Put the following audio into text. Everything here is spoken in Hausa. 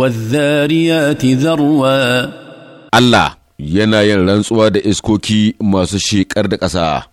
والذاريات ذروا الله yana yin rantsuwa da iskoki masu shekar da ƙasa